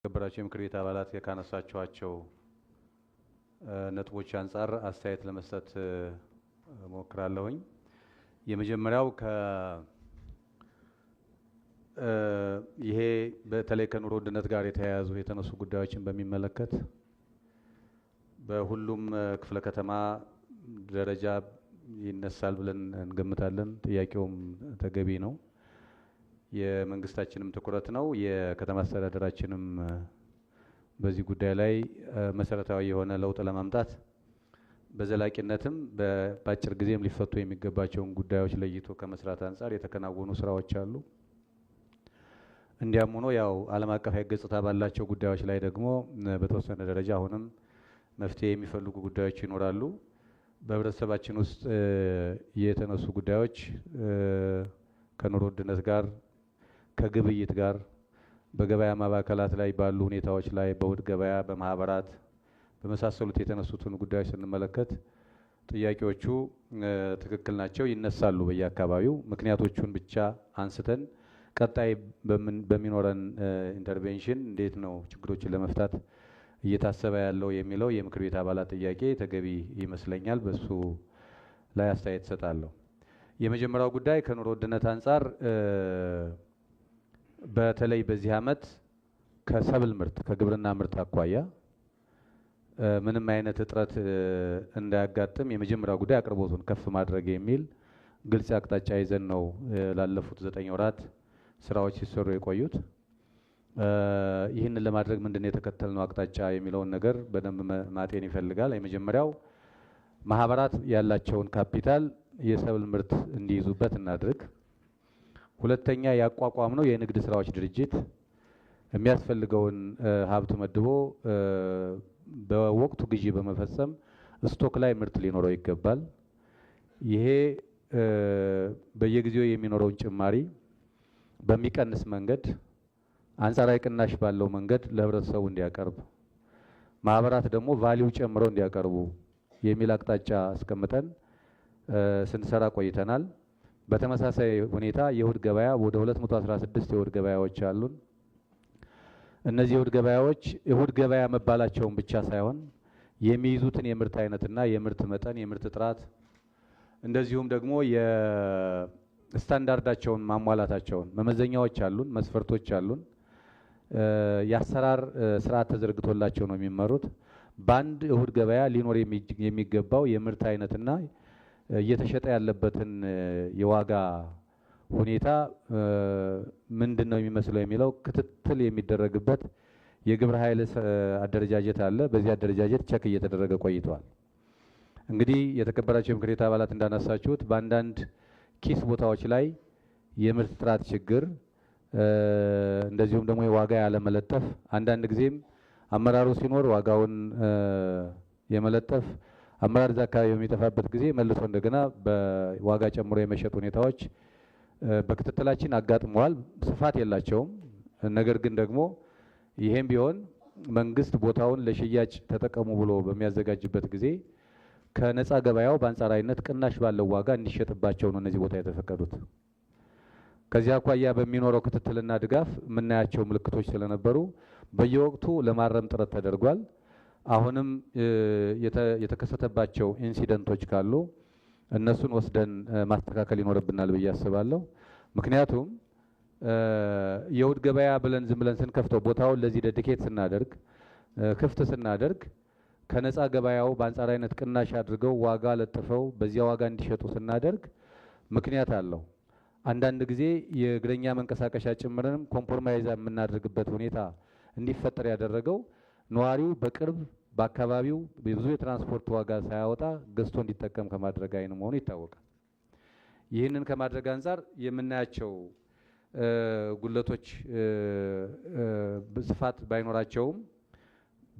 የተከበራቸው የምክር ቤት አባላት ካነሳችኋቸው ነጥቦች አንጻር አስተያየት ለመስጠት ሞክራለሁኝ። የመጀመሪያው ይሄ በተለይ ከኑሮ ውድነት ጋር የተያያዙ የተነሱ ጉዳዮችን በሚመለከት በሁሉም ክፍለ ከተማ ደረጃ ይነሳል ብለን እንገምታለን። ጥያቄውም ተገቢ ነው። የመንግስታችንም ትኩረት ነው። የከተማ አስተዳደራችንም በዚህ ጉዳይ ላይ መሰረታዊ የሆነ ለውጥ ለማምጣት በዘላቂነትም በአጭር ጊዜም ሊፈቱ የሚገባቸውን ጉዳዮች ለይቶ ከመስራት አንጻር የተከናወኑ ስራዎች አሉ። እንዲያም ሆኖ ያው ዓለም አቀፋዊ ገጽታ ባላቸው ጉዳዮች ላይ ደግሞ በተወሰነ ደረጃ አሁንም መፍትሄ የሚፈልጉ ጉዳዮች ይኖራሉ። በህብረተሰባችን ውስጥ የተነሱ ጉዳዮች ከኑሮ ውድነት ጋር ከግብይት ጋር በገበያ ማባከላት ላይ ባሉ ሁኔታዎች ላይ በእሁድ ገበያ በማህበራት በመሳሰሉት የተነሱትን ጉዳዮች ስንመለከት ጥያቄዎቹ ትክክል ናቸው፣ ይነሳሉ በየአካባቢው። ምክንያቶቹን ብቻ አንስተን ቀጣይ በሚኖረን ኢንተርቬንሽን እንዴት ነው ችግሮችን ለመፍታት እየታሰበ ያለው የሚለው የምክር ቤት አባላት ጥያቄ ተገቢ ይመስለኛል። በሱ ላይ አስተያየት እሰጣለሁ። የመጀመሪያው ጉዳይ ከኑሮ ውድነት አንጻር በተለይ በዚህ ዓመት ከሰብል ምርት ከግብርና ምርት አኳያ ምንም አይነት እጥረት እንዳያጋጥም የመጀመሪያው ጉዳይ አቅርቦቱን ከፍ ማድረግ የሚል ግልጽ አቅጣጫ ይዘን ነው ላለፉት ዘጠኝ ወራት ስራዎች ሲሰሩ የቆዩት። ይህንን ለማድረግ ምንድን ነው የተከተልነው አቅጣጫ የሚለውን ነገር በደንብ ማጤን ይፈልጋል። የመጀመሪያው ማህበራት ያላቸውን ካፒታል የሰብል ምርት እንዲይዙበት እናድርግ። ሁለተኛ ያቋቋም ነው የንግድ ስራዎች ድርጅት የሚያስፈልገውን ሀብት መድቦ በወቅቱ ግዢ በመፈጸም ስቶክ ላይ ምርት ሊኖረው ይገባል። ይሄ በየጊዜው የሚኖረውን ጭማሪ በሚቀንስ መንገድ አንጻራዊ ቅናሽ ባለው መንገድ ለህብረተሰቡ እንዲያቀርብ ማህበራት ደግሞ ቫሊው ጨምረው እንዲያቀርቡ የሚል አቅጣጫ አስቀምጠን ስንሰራ ቆይተናል። በተመሳሳይ ሁኔታ የእሁድ ገበያ ወደ 216 የእሁድ ገበያዎች አሉን። እነዚህ የእሁድ ገበያዎች እሁድ ገበያ መባላቸውን ብቻ ሳይሆን የሚይዙትን የምርት አይነትና የምርት መጠን፣ የምርት ጥራት እንደዚሁም ደግሞ የስታንዳርዳቸውን ማሟላታቸውን መመዘኛዎች አሉን፣ መስፈርቶች አሉን። የአሰራር ስርዓት ተዘርግቶላቸው ነው የሚመሩት። በአንድ እሁድ ገበያ ሊኖር የሚገባው የምርት አይነትና እየተሸጠ ያለበትን የዋጋ ሁኔታ ምንድን ነው የሚመስለው የሚለው ክትትል የሚደረግበት የግብረ ኃይል አደረጃጀት አለ። በዚህ አደረጃጀት ቸክ እየተደረገ ቆይቷል። እንግዲህ የተከበራቸው የምክር ቤት አባላት እንዳነሳችሁት በአንዳንድ ኪስ ቦታዎች ላይ የምርት ጥራት ችግር እንደዚሁም ደግሞ የዋጋ ያለመለጠፍ አንዳንድ ጊዜም አመራሩ ሲኖር ዋጋውን የመለጠፍ አመራር እዛ አካባቢ በሚጠፋበት ጊዜ መልሶ እንደገና በዋጋ ጨምሮ የመሸጥ ሁኔታዎች በክትትላችን አጋጥመዋል። ስፋት የላቸውም። ነገር ግን ደግሞ ይሄም ቢሆን መንግስት ቦታውን ለሽያጭ ተጠቀሙ ብሎ በሚያዘጋጅበት ጊዜ ከነፃ ገበያው በአንጻራዊነት ቅናሽ ባለው ዋጋ እንዲሸጥባቸው ነው እነዚህ ቦታ የተፈቀዱት። ከዚህ አኳያ በሚኖረው ክትትልና ድጋፍ የምናያቸው ምልክቶች ስለነበሩ በየወቅቱ ለማረም ጥረት ተደርጓል። አሁንም የተከሰተባቸው ኢንሲደንቶች ካሉ እነሱን ወስደን ማስተካከል ይኖርብናል ብዬ አስባለሁ። ምክንያቱም የእሁድ ገበያ ብለን ዝም ብለን ስንከፍተው ቦታውን ለዚህ ደድኬት ስናደርግ ክፍት ስናደርግ ከነፃ ገበያው በአንጻራዊነት ቅናሽ አድርገው ዋጋ ለጥፈው በዚያ ዋጋ እንዲሸጡ ስናደርግ ምክንያት አለው። አንዳንድ ጊዜ የእግረኛ መንቀሳቀሻ ጭምርንም ኮምፕሮማይዝ የምናደርግበት ሁኔታ እንዲፈጠር ያደረገው ነዋሪው በቅርብ በአካባቢው ብዙ የትራንስፖርት ዋጋ ሳያወጣ ገዝቶ እንዲጠቀም ከማድረግ አይን መሆኑ ይታወቃል። ይህንን ከማድረግ አንጻር የምናያቸው ጉለቶች ስፋት ባይኖራቸውም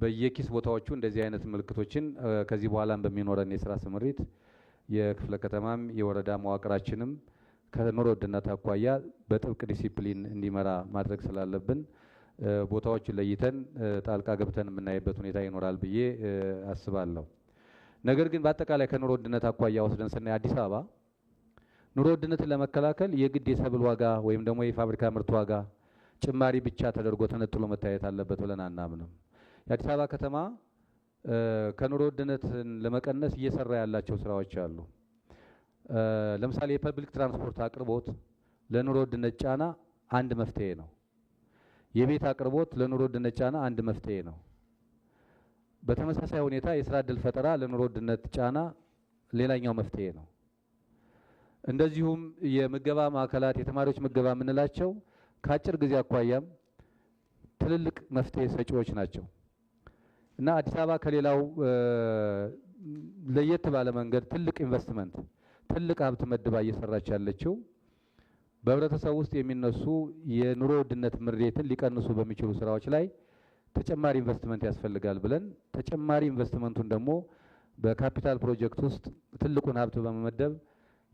በየኪስ ቦታዎቹ እንደዚህ አይነት ምልክቶችን ከዚህ በኋላም በሚኖረን የስራ ስምሪት የክፍለ ከተማም የወረዳ መዋቅራችንም ከኑሮ ውድነት አኳያ በጥብቅ ዲሲፕሊን እንዲመራ ማድረግ ስላለብን ቦታዎችን ለይተን ጣልቃ ገብተን የምናይበት ሁኔታ ይኖራል ብዬ አስባለሁ። ነገር ግን በአጠቃላይ ከኑሮ ውድነት አኳያ ወስደን ስናይ አዲስ አበባ ኑሮ ውድነትን ለመከላከል የግድ የሰብል ዋጋ ወይም ደግሞ የፋብሪካ ምርት ዋጋ ጭማሪ ብቻ ተደርጎ ተነጥሎ መታየት አለበት ብለን አናምንም። የአዲስ አበባ ከተማ ከኑሮ ውድነትን ለመቀነስ እየሰራ ያላቸው ስራዎች አሉ። ለምሳሌ የፐብሊክ ትራንስፖርት አቅርቦት ለኑሮ ውድነት ጫና አንድ መፍትሄ ነው። የቤት አቅርቦት ለኑሮ ውድነት ጫና አንድ መፍትሄ ነው። በተመሳሳይ ሁኔታ የስራ እድል ፈጠራ ለኑሮ ውድነት ጫና ሌላኛው መፍትሄ ነው። እንደዚሁም የምገባ ማዕከላት የተማሪዎች ምገባ የምንላቸው ከአጭር ጊዜ አኳያም ትልልቅ መፍትሄ ሰጪዎች ናቸው እና አዲስ አበባ ከሌላው ለየት ባለ መንገድ ትልቅ ኢንቨስትመንት፣ ትልቅ ሀብት መድባ እየሰራች ያለችው በህብረተሰብ ውስጥ የሚነሱ የኑሮ ውድነት ምሬትን ሊቀንሱ በሚችሉ ስራዎች ላይ ተጨማሪ ኢንቨስትመንት ያስፈልጋል ብለን ተጨማሪ ኢንቨስትመንቱን ደግሞ በካፒታል ፕሮጀክት ውስጥ ትልቁን ሀብት በመመደብ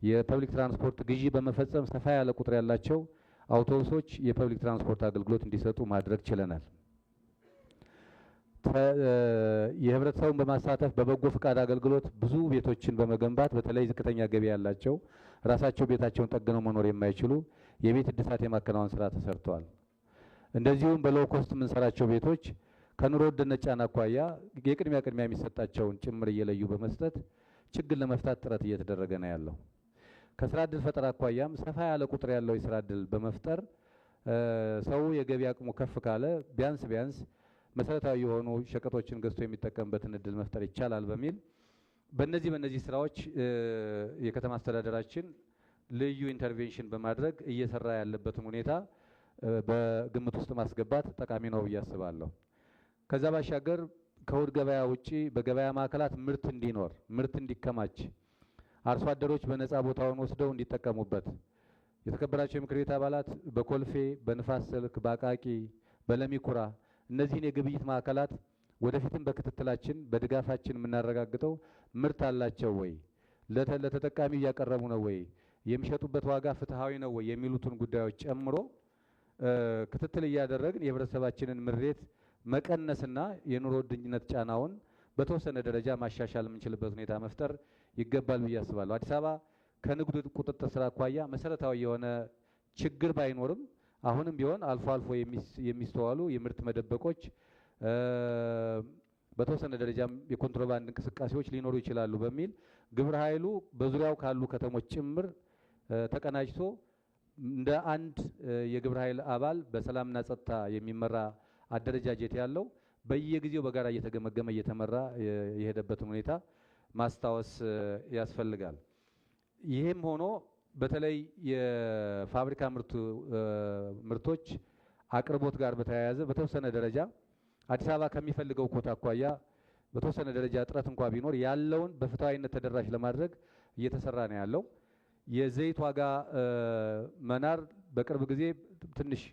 የፐብሊክ ትራንስፖርት ግዢ በመፈጸም ሰፋ ያለ ቁጥር ያላቸው አውቶቡሶች የፐብሊክ ትራንስፖርት አገልግሎት እንዲሰጡ ማድረግ ችለናል። የህብረተሰቡን በማሳተፍ በበጎ ፈቃድ አገልግሎት ብዙ ቤቶችን በመገንባት በተለይ ዝቅተኛ ገቢ ያላቸው ራሳቸው ቤታቸውን ጠግነው መኖር የማይችሉ የቤት እድሳት የማከናወን ስራ ተሰርተዋል። እንደዚሁም በሎኮስት የምንሰራቸው ቤቶች ከኑሮ ውድነት ጫና አኳያ የቅድሚያ ቅድሚያ የሚሰጣቸውን ጭምር እየለዩ በመስጠት ችግር ለመፍታት ጥረት እየተደረገ ነው ያለው። ከስራ እድል ፈጠራ አኳያም ሰፋ ያለ ቁጥር ያለው የስራ እድል በመፍጠር ሰው የገቢ አቅሙ ከፍ ካለ ቢያንስ ቢያንስ መሰረታዊ የሆኑ ሸቀጦችን ገዝቶ የሚጠቀምበትን እድል መፍጠር ይቻላል በሚል በነዚህ በነዚህ ስራዎች የከተማ አስተዳደራችን ልዩ ኢንተርቬንሽን በማድረግ እየሰራ ያለበትን ሁኔታ በግምት ውስጥ ማስገባት ጠቃሚ ነው ብዬ አስባለሁ። ከዛ ባሻገር ከእሁድ ገበያ ውጪ በገበያ ማዕከላት ምርት እንዲኖር ምርት እንዲከማች አርሶ አደሮች በነፃ ቦታውን ወስደው እንዲጠቀሙበት የተከበራቸው የምክር ቤት አባላት በኮልፌ፣ በንፋስ ስልክ፣ በአቃቂ፣ በለሚኩራ እነዚህን የግብይት ማዕከላት ወደፊትም በክትትላችን በድጋፋችን የምናረጋግጠው ምርት አላቸው ወይ፣ ለተጠቃሚ እያቀረቡ ነው ወይ፣ የሚሸጡበት ዋጋ ፍትሐዊ ነው ወይ የሚሉትን ጉዳዮች ጨምሮ ክትትል እያደረግን የህብረተሰባችንን ምሬት መቀነስና የኑሮ ውድነት ጫናውን በተወሰነ ደረጃ ማሻሻል የምንችልበት ሁኔታ መፍጠር ይገባል ብዬ አስባለሁ። አዲስ አበባ ከንግዱ ቁጥጥር ስራ አኳያ መሰረታዊ የሆነ ችግር ባይኖርም አሁንም ቢሆን አልፎ አልፎ የሚስተዋሉ የምርት መደበቆች በተወሰነ ደረጃም የኮንትሮባንድ እንቅስቃሴዎች ሊኖሩ ይችላሉ በሚል ግብረ ኃይሉ በዙሪያው ካሉ ከተሞች ጭምር ተቀናጅቶ እንደ አንድ የግብረ ኃይል አባል በሰላምና ጸጥታ የሚመራ አደረጃጀት ያለው በየጊዜው በጋራ እየተገመገመ እየተመራ የሄደበትን ሁኔታ ማስታወስ ያስፈልጋል። ይህም ሆኖ በተለይ የፋብሪካ ምርቶች አቅርቦት ጋር በተያያዘ በተወሰነ ደረጃ አዲስ አበባ ከሚፈልገው ኮታ አኳያ በተወሰነ ደረጃ እጥረት እንኳ ቢኖር ያለውን በፍትሐዊነት ተደራሽ ለማድረግ እየተሰራ ነው ያለው። የዘይት ዋጋ መናር በቅርብ ጊዜ ትንሽ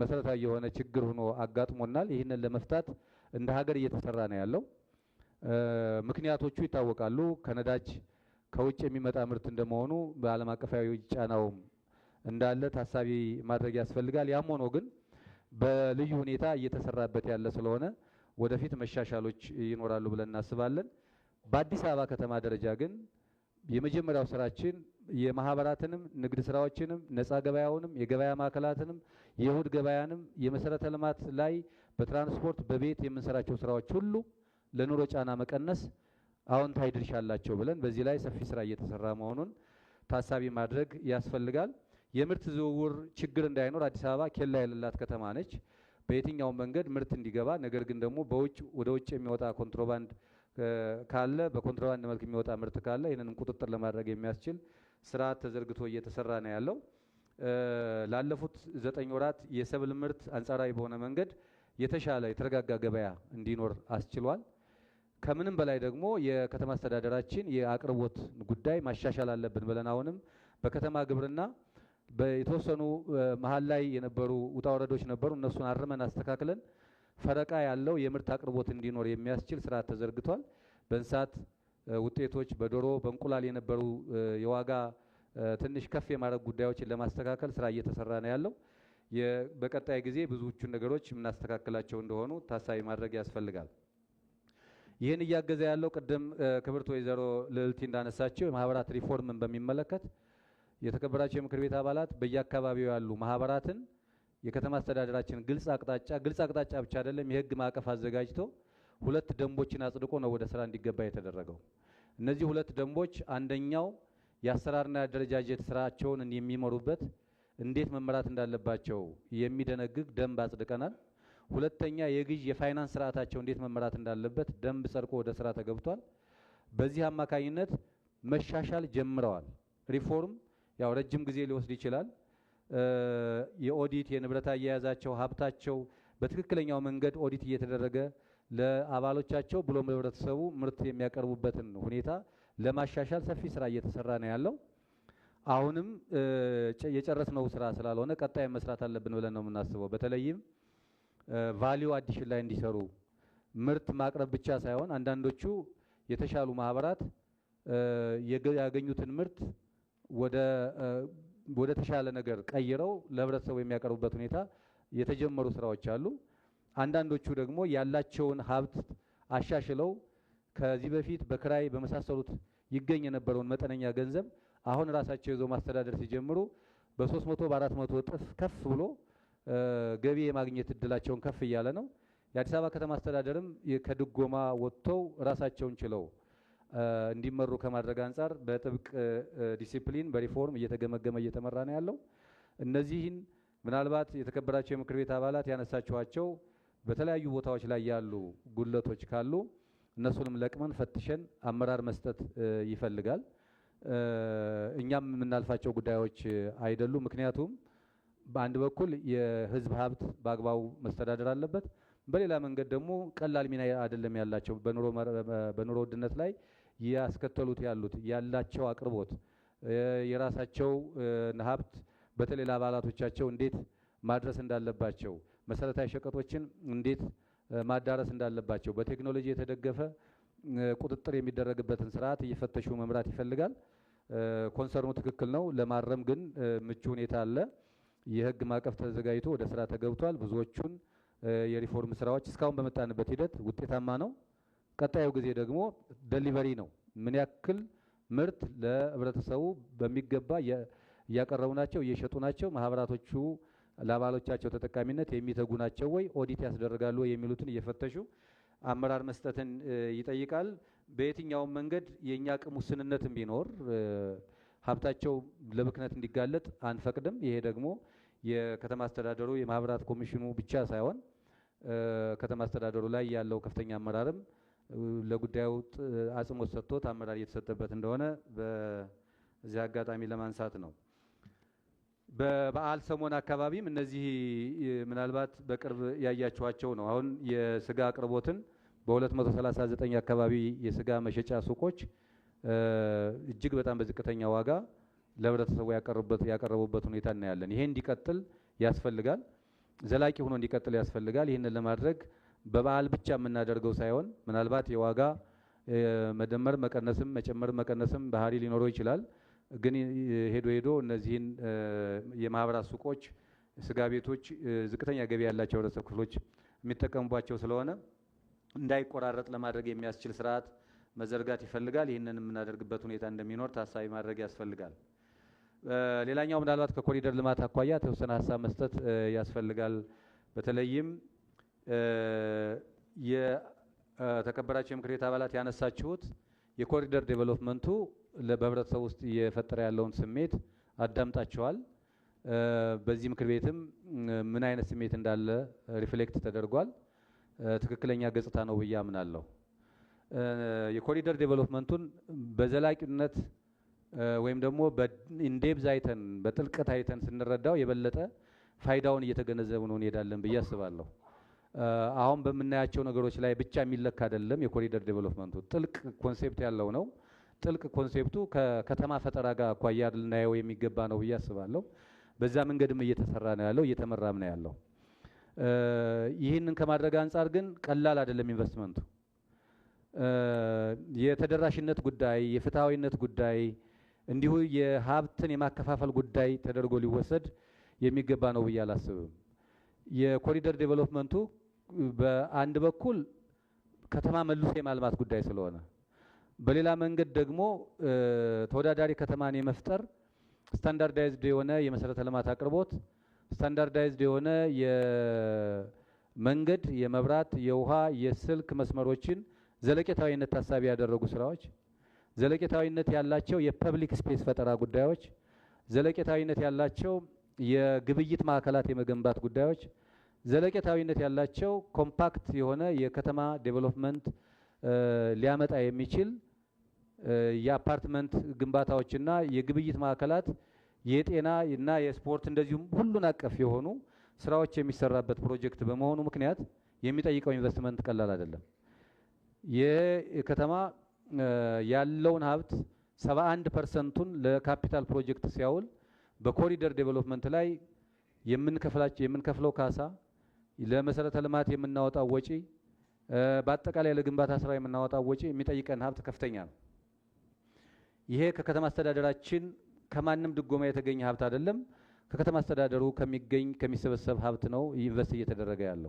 መሰረታዊ የሆነ ችግር ሆኖ አጋጥሞናል። ይህንን ለመፍታት እንደ ሀገር እየተሰራ ነው ያለው። ምክንያቶቹ ይታወቃሉ። ከነዳጅ ከውጭ የሚመጣ ምርት እንደመሆኑ በዓለም አቀፋዊ ጫናውም እንዳለ ታሳቢ ማድረግ ያስፈልጋል። ያም ሆኖ ግን በልዩ ሁኔታ እየተሰራበት ያለ ስለሆነ ወደፊት መሻሻሎች ይኖራሉ ብለን እናስባለን። በአዲስ አበባ ከተማ ደረጃ ግን የመጀመሪያው ስራችን የማህበራትንም ንግድ ስራዎችንም ነፃ ገበያውንም የገበያ ማዕከላትንም የእሁድ ገበያንም የመሰረተ ልማት ላይ በትራንስፖርት በቤት የምንሰራቸው ስራዎች ሁሉ ለኑሮ ጫና መቀነስ አዎንታዊ ድርሻ አላቸው ብለን በዚህ ላይ ሰፊ ስራ እየተሰራ መሆኑን ታሳቢ ማድረግ ያስፈልጋል። የምርት ዝውውር ችግር እንዳይኖር አዲስ አበባ ኬላ የሌላት ከተማ ነች። በየትኛው መንገድ ምርት እንዲገባ ነገር ግን ደግሞ በውጭ ወደ ውጭ የሚወጣ ኮንትሮባንድ ካለ በኮንትሮባንድ መልክ የሚወጣ ምርት ካለ ይህንን ቁጥጥር ለማድረግ የሚያስችል ስራ ተዘርግቶ እየተሰራ ነው ያለው። ላለፉት ዘጠኝ ወራት የሰብል ምርት አንጻራዊ በሆነ መንገድ የተሻለ የተረጋጋ ገበያ እንዲኖር አስችሏል። ከምንም በላይ ደግሞ የከተማ አስተዳደራችን የአቅርቦት ጉዳይ ማሻሻል አለብን ብለን አሁንም በከተማ ግብርና የተወሰኑ መሀል ላይ የነበሩ ውጣ ወረዶች ነበሩ። እነሱን አርመን አስተካክለን ፈረቃ ያለው የምርት አቅርቦት እንዲኖር የሚያስችል ስራ ተዘርግቷል። በእንስሳት ውጤቶች፣ በዶሮ በእንቁላል የነበሩ የዋጋ ትንሽ ከፍ የማድረግ ጉዳዮችን ለማስተካከል ስራ እየተሰራ ነው ያለው። በቀጣይ ጊዜ ብዙዎቹን ነገሮች የምናስተካክላቸው እንደሆኑ ታሳቢ ማድረግ ያስፈልጋል። ይህን እያገዘ ያለው ቅድም ክብርት ወይዘሮ ልዕልቲ እንዳነሳቸው የማህበራት ሪፎርምን በሚመለከት የተከበራቸው የምክር ቤት አባላት በየአካባቢው ያሉ ማህበራትን የከተማ አስተዳደራችን ግልጽ አቅጣጫ ግልጽ አቅጣጫ ብቻ አይደለም የህግ ማዕቀፍ አዘጋጅቶ ሁለት ደንቦችን አጽድቆ ነው ወደ ስራ እንዲገባ የተደረገው። እነዚህ ሁለት ደንቦች አንደኛው የአሰራርና የአደረጃጀት ስራቸውን የሚመሩበት እንዴት መመራት እንዳለባቸው የሚደነግግ ደንብ አጽድቀናል። ሁለተኛ የግዥ የፋይናንስ ስርዓታቸው እንዴት መመራት እንዳለበት ደንብ ጸድቆ ወደ ስራ ተገብቷል። በዚህ አማካኝነት መሻሻል ጀምረዋል። ሪፎርም ያው ረጅም ጊዜ ሊወስድ ይችላል። የኦዲት የንብረት አያያዛቸው ሀብታቸው በትክክለኛው መንገድ ኦዲት እየተደረገ ለአባሎቻቸው ብሎም ለህብረተሰቡ ምርት የሚያቀርቡበትን ሁኔታ ለማሻሻል ሰፊ ስራ እየተሰራ ነው ያለው። አሁንም የጨረስነው ስራ ስላልሆነ ቀጣይ መስራት አለብን ብለን ነው የምናስበው። በተለይም ቫሊዩ አዲሽን ላይ እንዲሰሩ ምርት ማቅረብ ብቻ ሳይሆን አንዳንዶቹ የተሻሉ ማህበራት ያገኙትን ምርት ወደ ተሻለ ነገር ቀይረው ለህብረተሰቡ የሚያቀርቡበት ሁኔታ የተጀመሩ ስራዎች አሉ። አንዳንዶቹ ደግሞ ያላቸውን ሀብት አሻሽለው ከዚህ በፊት በክራይ በመሳሰሉት ይገኝ የነበረውን መጠነኛ ገንዘብ አሁን ራሳቸው ይዘው ማስተዳደር ሲጀምሩ በ300 በ400 እጥፍ ከፍ ብሎ ገቢ የማግኘት እድላቸውን ከፍ እያለ ነው። የአዲስ አበባ ከተማ አስተዳደርም ከድጎማ ወጥተው ራሳቸውን ችለው እንዲመሩ ከማድረግ አንጻር በጥብቅ ዲሲፕሊን በሪፎርም እየተገመገመ እየተመራ ነው ያለው። እነዚህን ምናልባት የተከበራቸው የምክር ቤት አባላት ያነሳችኋቸው በተለያዩ ቦታዎች ላይ ያሉ ጉድለቶች ካሉ እነሱንም ለቅመን ፈትሸን አመራር መስጠት ይፈልጋል። እኛም የምናልፋቸው ጉዳዮች አይደሉም። ምክንያቱም በአንድ በኩል የህዝብ ሀብት በአግባቡ መስተዳደር አለበት። በሌላ መንገድ ደግሞ ቀላል ሚና አይደለም ያላቸው በኑሮ ውድነት ላይ ያስከተሉት ያሉት ያላቸው አቅርቦት የራሳቸው ሀብት በተለይ ለአባላቶቻቸው እንዴት ማድረስ እንዳለባቸው፣ መሰረታዊ ሸቀጦችን እንዴት ማዳረስ እንዳለባቸው በቴክኖሎጂ የተደገፈ ቁጥጥር የሚደረግበትን ስርዓት እየፈተሹ መምራት ይፈልጋል። ኮንሰርኑ ትክክል ነው። ለማረም ግን ምቹ ሁኔታ አለ። የህግ ማዕቀፍ ተዘጋጅቶ ወደ ስራ ተገብቷል። ብዙዎቹን የሪፎርም ስራዎች እስካሁን በመጣንበት ሂደት ውጤታማ ነው። ቀጣዩ ጊዜ ደግሞ ደሊቨሪ ነው። ምን ያክል ምርት ለህብረተሰቡ በሚገባ እያቀረቡ ናቸው፣ እየሸጡ ናቸው፣ ማህበራቶቹ ለአባሎቻቸው ተጠቃሚነት የሚተጉ ናቸው ወይ፣ ኦዲት ያስደርጋሉ ወይ የሚሉትን እየፈተሹ አመራር መስጠትን ይጠይቃል። በየትኛውም መንገድ የእኛ አቅም ውስንነትም ቢኖር ሀብታቸው ለብክነት እንዲጋለጥ አንፈቅድም። ይሄ ደግሞ የከተማ አስተዳደሩ የማህበራት ኮሚሽኑ ብቻ ሳይሆን ከተማ አስተዳደሩ ላይ ያለው ከፍተኛ አመራርም ለጉዳዩ አጽንኦት ሰጥቶት አመራር እየተሰጠበት እንደሆነ በዚህ አጋጣሚ ለማንሳት ነው። በበዓል ሰሞን አካባቢም እነዚህ ምናልባት በቅርብ ያያችኋቸው ነው። አሁን የስጋ አቅርቦትን በ239 አካባቢ የስጋ መሸጫ ሱቆች እጅግ በጣም በዝቅተኛ ዋጋ ለህብረተሰቡ ያቀረቡበት ሁኔታ እናያለን። ይሄ እንዲቀጥል ያስፈልጋል። ዘላቂ ሆኖ እንዲቀጥል ያስፈልጋል። ይህንን ለማድረግ በበዓል ብቻ የምናደርገው ሳይሆን ምናልባት የዋጋ መደመር መቀነስም መጨመር መቀነስም ባህሪ ሊኖረው ይችላል። ግን ሄዶ ሄዶ እነዚህን የማህበራት ሱቆች፣ ስጋ ቤቶች ዝቅተኛ ገቢ ያላቸው ህብረተሰብ ክፍሎች የሚጠቀሙባቸው ስለሆነ እንዳይቆራረጥ ለማድረግ የሚያስችል ስርዓት መዘርጋት ይፈልጋል። ይህንን የምናደርግበት ሁኔታ እንደሚኖር ታሳቢ ማድረግ ያስፈልጋል። ሌላኛው ምናልባት ከኮሪደር ልማት አኳያ ተወሰነ ሀሳብ መስጠት ያስፈልጋል። በተለይም የተከበራቸው የምክር ቤት አባላት ያነሳችሁት የኮሪደር ዴቨሎፕመንቱ በህብረተሰብ ውስጥ እየፈጠረ ያለውን ስሜት አዳምጣችኋል። በዚህ ምክር ቤትም ምን አይነት ስሜት እንዳለ ሪፍሌክት ተደርጓል። ትክክለኛ ገጽታ ነው ብዬ አምናለሁ። የኮሪደር ዴቨሎፕመንቱን በዘላቂነት ወይም ደግሞ ኢንዴብዝ አይተን በጥልቀት አይተን ስንረዳው የበለጠ ፋይዳውን እየተገነዘብን እንሄዳለን ብዬ አስባለሁ። አሁን በምናያቸው ነገሮች ላይ ብቻ የሚለካ አይደለም። የኮሪደር ዴቨሎፕመንቱ ጥልቅ ኮንሴፕት ያለው ነው። ጥልቅ ኮንሴፕቱ ከከተማ ፈጠራ ጋር አኳያ ልናየው የሚገባ ነው ብዬ አስባለሁ። በዛ መንገድም እየተሰራ ነው ያለው፣ እየተመራም ነው ያለው። ይህንን ከማድረግ አንጻር ግን ቀላል አይደለም ኢንቨስትመንቱ የተደራሽነት ጉዳይ፣ የፍትሐዊነት ጉዳይ እንዲሁ የሀብትን የማከፋፈል ጉዳይ ተደርጎ ሊወሰድ የሚገባ ነው ብዬ አላስብም። የኮሪደር ዴቨሎፕመንቱ በአንድ በኩል ከተማ መልሶ የማልማት ጉዳይ ስለሆነ፣ በሌላ መንገድ ደግሞ ተወዳዳሪ ከተማን የመፍጠር ስታንዳርዳይዝድ የሆነ የመሰረተ ልማት አቅርቦት፣ ስታንዳርዳይዝድ የሆነ የመንገድ፣ የመብራት፣ የውሃ፣ የስልክ መስመሮችን ዘለቄታዊነት ታሳቢ ያደረጉ ስራዎች፣ ዘለቄታዊነት ያላቸው የፐብሊክ ስፔስ ፈጠራ ጉዳዮች፣ ዘለቄታዊነት ያላቸው የግብይት ማዕከላት የመገንባት ጉዳዮች፣ ዘለቄታዊነት ያላቸው ኮምፓክት የሆነ የከተማ ዴቨሎፕመንት ሊያመጣ የሚችል የአፓርትመንት ግንባታዎችና የግብይት ማዕከላት የጤና እና የስፖርት እንደዚሁም ሁሉን አቀፍ የሆኑ ስራዎች የሚሰራበት ፕሮጀክት በመሆኑ ምክንያት የሚጠይቀው ኢንቨስትመንት ቀላል አይደለም። የከተማ ያለውን ሀብት 71 ፐርሰንቱን ለካፒታል ፕሮጀክት ሲያውል በኮሪደር ዴቨሎፕመንት ላይ የምንከፍላቸው የምንከፍለው ካሳ ለመሰረተ ልማት የምናወጣው ወጪ በአጠቃላይ ለግንባታ ስራ የምናወጣው ወጪ የሚጠይቀን ሀብት ከፍተኛ ነው። ይሄ ከከተማ አስተዳደራችን ከማንም ድጎማ የተገኘ ሀብት አይደለም። ከከተማ አስተዳደሩ ከሚገኝ ከሚሰበሰብ ሀብት ነው ኢንቨስት እየተደረገ ያለው።